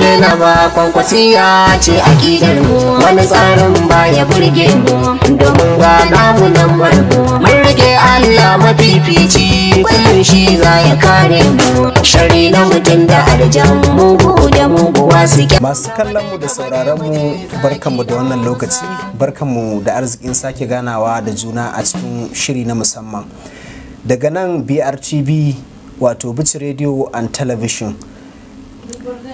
mu ma ba kwankwasiya ce a gidan mu wani tsarin ba ya burge mu domin ga namu nan marmu mun rike Allah mafifici kullum shi za ya kare mu shari na mutum da arjan mugu da muguwa suke masu kallon mu da sauraron mu mu da wannan lokaci mu da arzikin sake ganawa da juna a cikin shiri na musamman daga nan brtv wato bici radio and television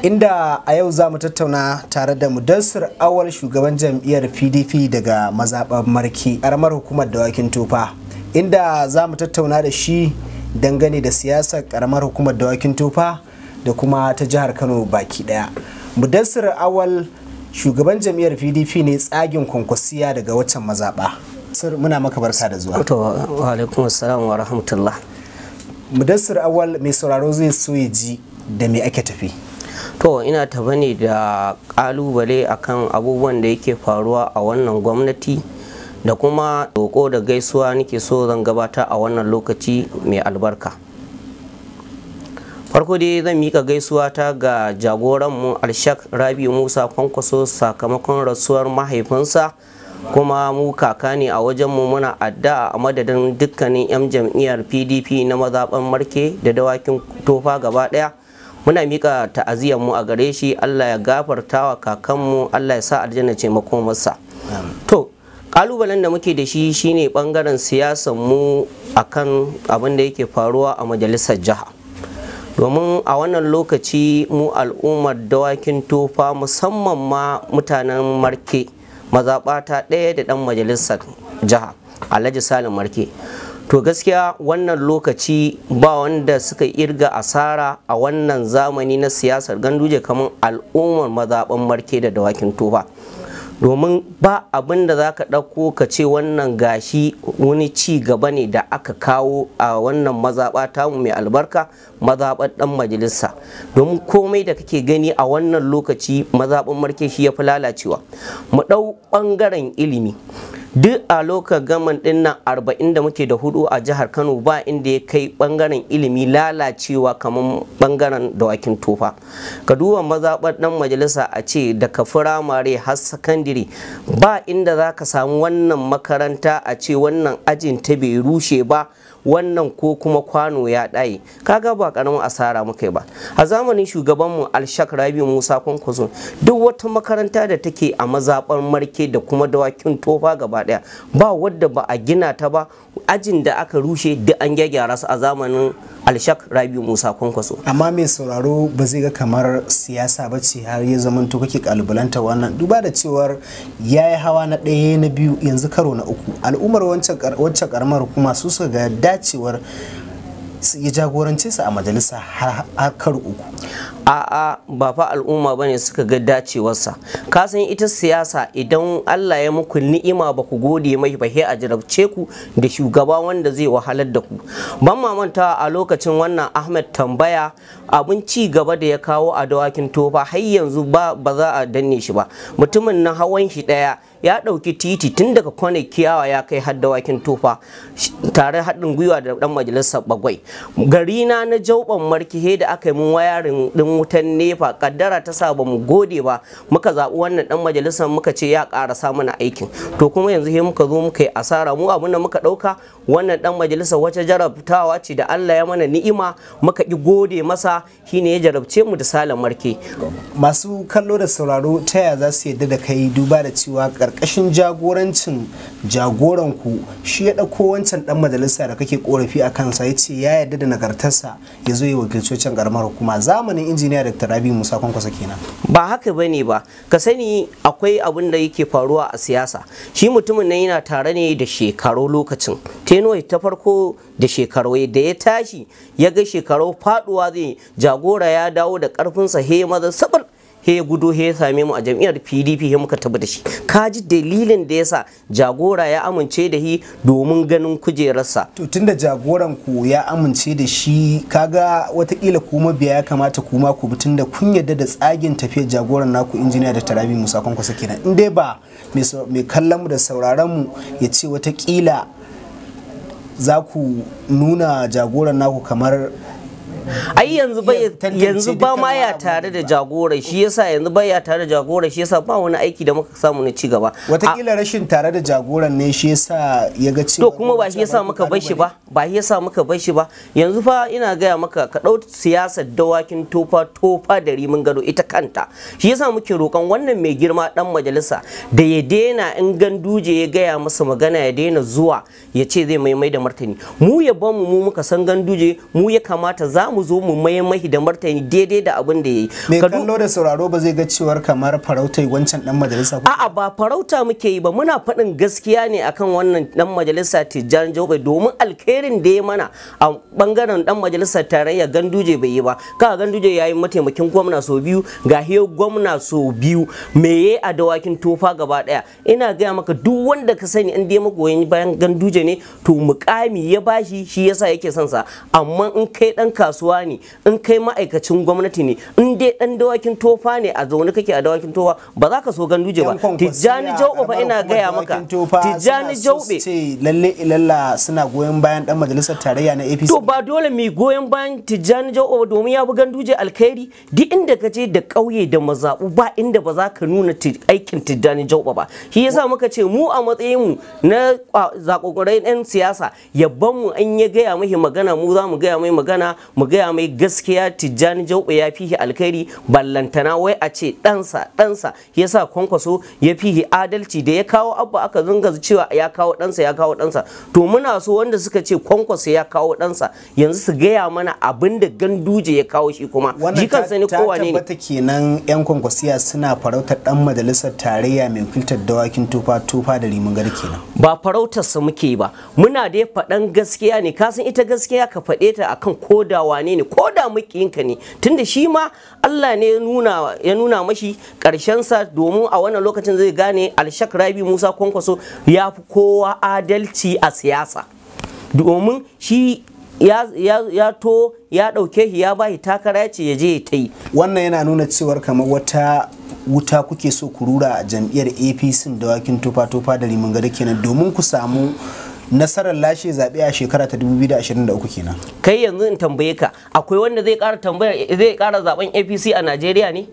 inda a yau za mu tattauna tare da mudassir awal shugaban jam'iyyar pdp daga mazaɓar marki ƙaramar hukumar dawakin tufa. inda za mu tattauna da shi dangane da siyasar ƙaramar hukumar dawakin tufa da kuma ta jihar kano baki ɗaya. mudassir awal shugaban jam'iyyar pdp ne tsagin kwankwasiya daga waccan mazaɓa sir muna maka barka da zuwa mudassir awal mai sauraro zai so ya ji da me ake tafi to ina tafa ne da kalubale akan abubuwan da yake faruwa a wannan gwamnati da kuma doko da gaisuwa nake so zan gabata a wannan lokaci mai albarka farko dai zan mika gaisuwa ta ga jagoranmu alshak rabi musa kwankwaso sakamakon rasuwar mahaifinsa kuma mu kaka ne a wajen mu muna addu'a a madadin dukkanin 'yan jam'iyyar pdp na mazaɓan marke da dawakin tofa gaba ɗaya muna mika ta'aziyar mu a gare shi Allah ya gafarta wa kakanmu Allah ya sa aljanna ce makomarsa to kalubalen da muke da shi shine bangaren siyasar mu akan abin da yake faruwa a majalisar jiha domin a wannan lokaci mu al'ummar dawakin tofa musamman ma mutanen marke mazaɓata ɗaya da ɗan majalisar jiha alhaji salim marke to gaskiya wannan lokaci ba wanda suka irga asara a wannan zamani na siyasar ganduje kamar al'ummar mazaɓan marke da dawakin tofa domin ba abin da za ka ɗauko ka ce wannan gashi wani ci gaba ne da aka kawo a wannan mazaɓa tamu mai albarka mazaɓar ɗan majalisa domin komai da kake gani a wannan lokaci mazaɓin marke shi ya fi lalacewa mu ɗau ɓangaren ilimi duk a loka gaman din nan arba'in da muke da hudu a jihar kano ba inda ya kai bangaren ilimi lalacewa kamar bangaren dawakin tofa ka duba mazaɓar dan majalisa a ce daga firamare har sakandire ba inda za ka samu wannan makaranta a ce wannan ajin ta bai rushe ba wannan ko kuma kwano ya ɗaye kaga ba karamin asara muka ba a zamanin shugaban shugabanmu alshak rabi musa kwankwaso duk wata makaranta da take a mazaɓar marke da kuma dawakin tofa gaba ɗaya ba wadda ba a gina ta ba ajin da aka rushe duk an gyagyara su a zamanin alshak rabi musa kwankwaso amma mai sauraro ba zai ga kamar siyasa ba ce har ya to kake kalubalanta wannan duba da cewar ya yi hawa na ɗaya na biyu yanzu karo na uku al'ummar wancan karamar kuma su suka ga dacewar ya jagorance su a majalisa har kar uku a'a ba fa al'umma bane suka ga dacewarsa ka san ita siyasa idan Allah ya muku ni'ima ba ku gode mai ba a jarabce ku da shugaba wanda zai wahalar da ku ban mamanta a lokacin wannan Ahmed tambaya abun ci gaba da ya kawo a dawakin tofa har yanzu ba ba za a danne shi ba mutumin na hawan shi daya ya ɗauki titi tun daga kwanai kiyawa ya kai har wakin tufa tare haɗin gwiwa da ɗan majalisar bagwai garina na na jauban markihe da aka yi mun wayarin ɗin wutan nefa kaddara ta sa bamu gode ba muka zaɓi wannan ɗan majalisar muka ce ya ƙara mana aikin to kuma yanzu he muka zo muka yi asara mu abin da muka ɗauka wannan ɗan majalisar wace jarabtawa ce da Allah ya mana ni'ima muka ƙi gode masa shine ya jarabce mu da salan marke masu kallo da sauraro ta yaya za su yadda da kai duba da cewa karkashin jagorancin jagoranku shi ya ɗauko wancan ɗan majalisa da kake korafi a kansa ya ce ya yarda da nagartarsa ya zo yi wakilcocin karamar hukuma zamanin injiniya dr rabi musa kwankwasa kenan ba haka ba ne ba ka sani akwai abin da yake faruwa a siyasa shi mutumin nan yana tare ne da shekaru lokacin tenoi ta farko da shekaru da ya tashi ya ga shekaru faduwa zai jagora ya dawo da ƙarfinsa he maza sabar he ya gudo he ya same mu a jam'iyyar PDP he muka tabbata shi ka ji dalilin da yasa jagora ya amince da shi domin ganin kujerarsa to tunda jagoran ku ya amince da shi kaga watakila kuma biya ya kamata kuma ku tunda kun yadda da tsagin tafiyar jagoran naku injiniya da Tarabi Musa Kwankwaso na. in dai ba mai kallon mu da sauraron mu ya ce watakila za ku nuna jagoran naku kamar ai yanzu ba yanzu ba ma ya tare da jagora shi yasa yanzu ba ya tare da jagora shi yasa ba wani aiki da muka samu na ci gaba watakila rashin tare da jagoran ne shi yasa ya ga cewa to kuma ba shi yasa muka bar shi ba ba shi yasa muka bar shi ba yanzu fa ina gaya maka ka dau siyasar dawakin tofa tofa da rimin gado ita kanta shi yasa muke roƙon wannan mai girma dan majalisa da ya daina in ganduje ya gaya masa magana ya daina zuwa ya ce zai maimai da martani mu ya bamu mu muka san ganduje mu ya kamata za mu mu zo mu mai mahi da martani daidai da abin da ya yi. me kallo da sauraro ba zai ga cewar kamar farauta yi wancan dan majalisa ba a'a ba farauta muke yi ba muna faɗin gaskiya ne akan wannan dan majalisa Tijjani Jaube domin alkhairin da ya mana a bangaren dan majalisa tarayya Ganduje bai yi ba ka Ganduje ya yi mataimakin gwamna so biyu ga hiyo gwamna so biyu me ya a dawakin tofa gaba ɗaya ina gaya maka duk wanda ka sani in dai magoyin bayan Ganduje ne to mukami ya bashi shi yasa yake son sa amma in kai dan kasuwa kasuwa ne in kai ma'aikacin gwamnati ne in dai dan dawakin tofa ne a zaune kake a dawakin tofa ba za ka so ganduje ba tijjani jaube fa ina gaya maka tijjani jaube lalle ilalla suna goyon bayan dan majalisar tarayya na APC to ba dole mu goyon bayan tijjani jaube domin ya bi ganduje alkhairi duk inda ka je da kauye da mazabu ba inda ba za ka nuna aikin tijjani jaube ba shi yasa muka ce mu a matsayin mu na zakokorai yan siyasa yabban mu an ya gaya mihi magana mu za mu gaya mai magana mu gaya mai gaskiya tijjani jauɓa ya fihi alkhairi ballantana wai a ce ɗansa ɗansa ya sa kwankwaso ya fihi adalci da ya kawo abba aka zunga cewa ya kawo ɗansa ya kawo ɗansa to muna so wanda suka ce kwankwaso ya kawo ɗansa yanzu su gaya mana abin da ganduje ya kawo shi kuma jikan sani kowa ne ta kenan yan kwankwasiya suna farautar dan majalisar tarayya mai filtar dawakin tufa tufa da rimin gari kenan ba farautar sa muke ba muna dai faɗan gaskiya ne kasan ita gaskiya ka faɗe ta akan kodawa wane ne ko da mukiyinka ne tunda shi ma Allah ne ya nuna mashi sa domin a wannan lokacin zai gane alshak rabi musa kwankwaso ya fi kowa adalci a siyasa domin shi ya to ya ɗauke shi ya bashi takara ya ce ya je ta yi wannan yana nuna cewar kamar wata wuta kuke so ku rura a jam'iyyar apc da wakin tufa tufa da gado kenan domin ku samu nasarar lashe zaɓe a shekara ta 2023 kenan kai yanzu in tambaye ka akwai wanda zai ƙara tambaya zai ƙara zaben APC a Najeriya ne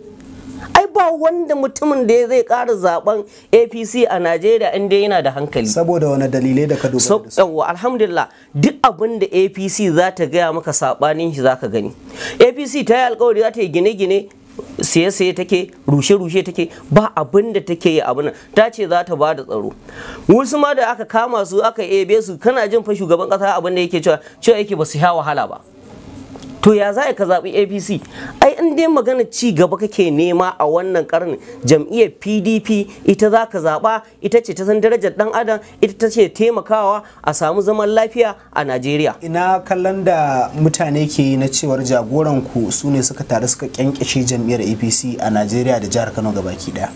ai ba wanda mutumin da zai ƙara zaben apc a najeriya in dai yana da hankali saboda wani dalilai da ka duba so, yawa alhamdulillah duk abin da apc za ta gaya maka saɓanin shi zaka gani apc ta yi alkawari za ta yi gine-gine siye-siye take rushe-rushe take ba abin da take yi abin ta ce za ta ba da tsaro wasu ma da aka kama su aka ebe su kana jin fa shugaban kasa abin da yake cewa cewa yake ba su sha wahala ba to ya za ka zaɓi apc ai in dai magana ci gaba kake nema a wannan karni jam'iyyar pdp ita za ka zaɓa ita ce ta san darajar ɗan adam ita ta ce taimakawa a samu zaman lafiya a najeriya ina kallon da mutane ke yi na cewar jagoranku ku su ne suka taru suka kyankyashe jam'iyyar apc a najeriya da jihar kano gabaki daya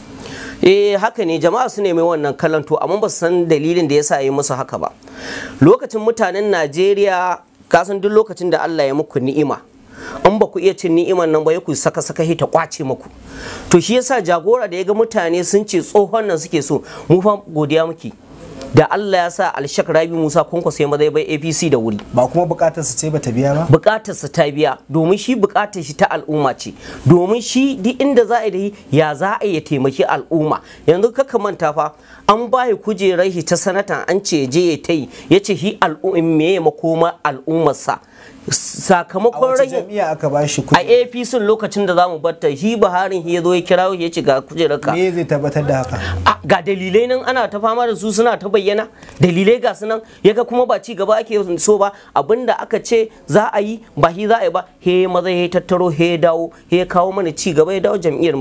eh haka ne jama'a su mai wannan kallon to amma ba su san dalilin da yasa yi musu haka ba lokacin mutanen najeriya Kasan duk lokacin da Allah ya muku ni'ima in ba ku iya cin ni'iman nan ba ya ku saka saka ta kwace muku to shi yasa jagora da ya ga mutane sun ce tsohon nan suke so mu fa godiya muke da Allah ya sa Alshak Rabi Musa Kwankwas ya mazai bai APC da wuri ba kuma bukatar su ce ba ta biya ba bukatar su ta biya domin shi bukatar shi ta al'umma ce domin shi duk inda za a yi ya za a yi taimaki al'umma yanzu ka manta fa an ba kujerar shi ta sanata an ce je ya ta yi ya ce hi al'umma me makoma al'ummarsa sakamakon rage jami'a aka ba shi a APC lokacin da zamu batta shi buharin ya yazo ya kirawo ya ce ga kujeraka me zai tabbatar da haka ga dalilai nan ana ta fama da su suna ta bayyana dalilai ga su nan yaga kuma ba ci gaba ake so ba abinda aka ce za a yi ba shi za a yi ba he maza he tattaro he dawo he kawo mana ci gaba ya dawo jam'iyyar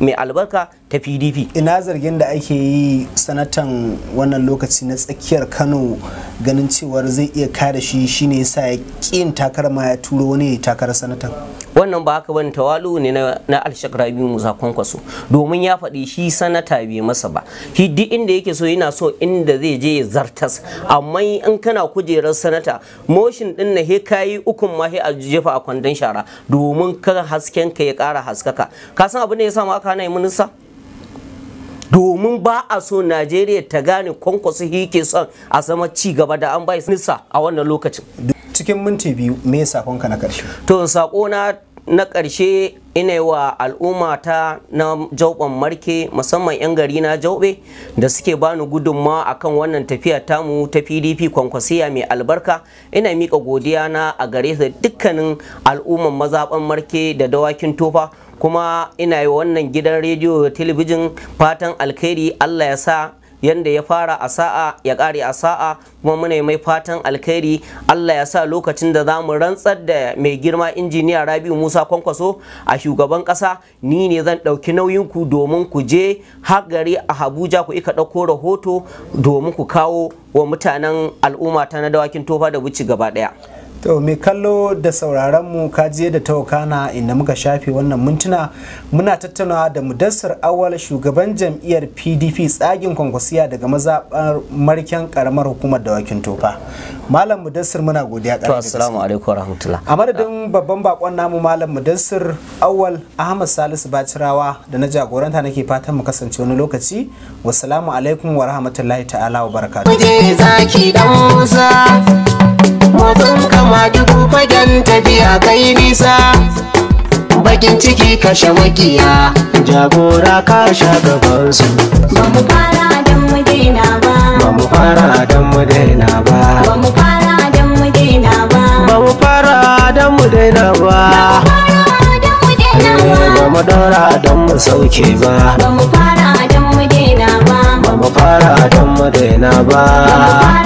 mai albarka ta PDP ina zargin da ake yi sanatan wannan lokaci na tsakiyar Kano ganin cewar zai iya kada shi shine yasa ya kinta takara ma ya turo wani ya takara sanatan wannan ba haka bane tawalu ne na alshakrabi biyu musa kwankwaso domin ya faɗi shi sanata bai masa ba shi duk inda yake so yana so inda zai je ya zartas amma in kana kujerar sanata motion din na he kai ukun ma he a jefa a kwandon shara domin ka hasken ka ya kara haskaka ka san abin da ya samu aka hana minista domin ba a so Najeriya ta gane kwankwaso yake son a zama ci gaba da an bai nisa a wannan lokacin. cikin minti biyu me sakonka na karshe to sako na na ƙarshe ina yi wa al'umma ta na jauban marke musamman 'yan gari na jaube da suke bani gudunma akan wannan tafiya tamu ta pdp kwankwasiya mai albarka ina miƙa godiya na a gare da dukkanin al'umman mazaɓan marke da dawakin tofa kuma ina yi wannan gidan rediyo da talabijin fatan alkhairi allah ya sa yanda ya fara a sa'a ya ƙare a sa'a kuma muna mai fatan alkhairi Allah ya sa lokacin da zamu rantsar da mai girma injiniya Rabiu Musa Kwankwaso a shugaban ƙasa ni ne zan ɗauki nauyin ku domin ku je har gari a Abuja ku ika ɗauko rahoto domin ku kawo wa mutanen al'umma ta na dawakin tofa da wuce gaba ɗaya. To mai kallo da sauraronmu kaji da na inda muka shafe wannan mintuna muna tattaunawa da mudassar awal shugaban jam'iyyar PDP tsagin kwankwasiya daga mazaɓar marken karamar hukumar dawakin tofa. Malam mudassar muna godiya ƙarfi. Assalamu alaikum A madadin babban bakon namu malam mudassar awal Ahmad Salisu Bacirawa da na jagoranta nake fatan mu kasance wani lokaci. Wassalamu alaikum warahmatullahi ta'ala wa barakatuh. motsin kama dubu fagen tafiya kai nisa bakin ciki kashe makiya jagora ka sha gabansu ba mu fara don mu daina ba ba mu fara don mu daina ba ba mu fara don mu ba ba mu fara ba ba eh, sauke ba ba mu fara don mu daina ba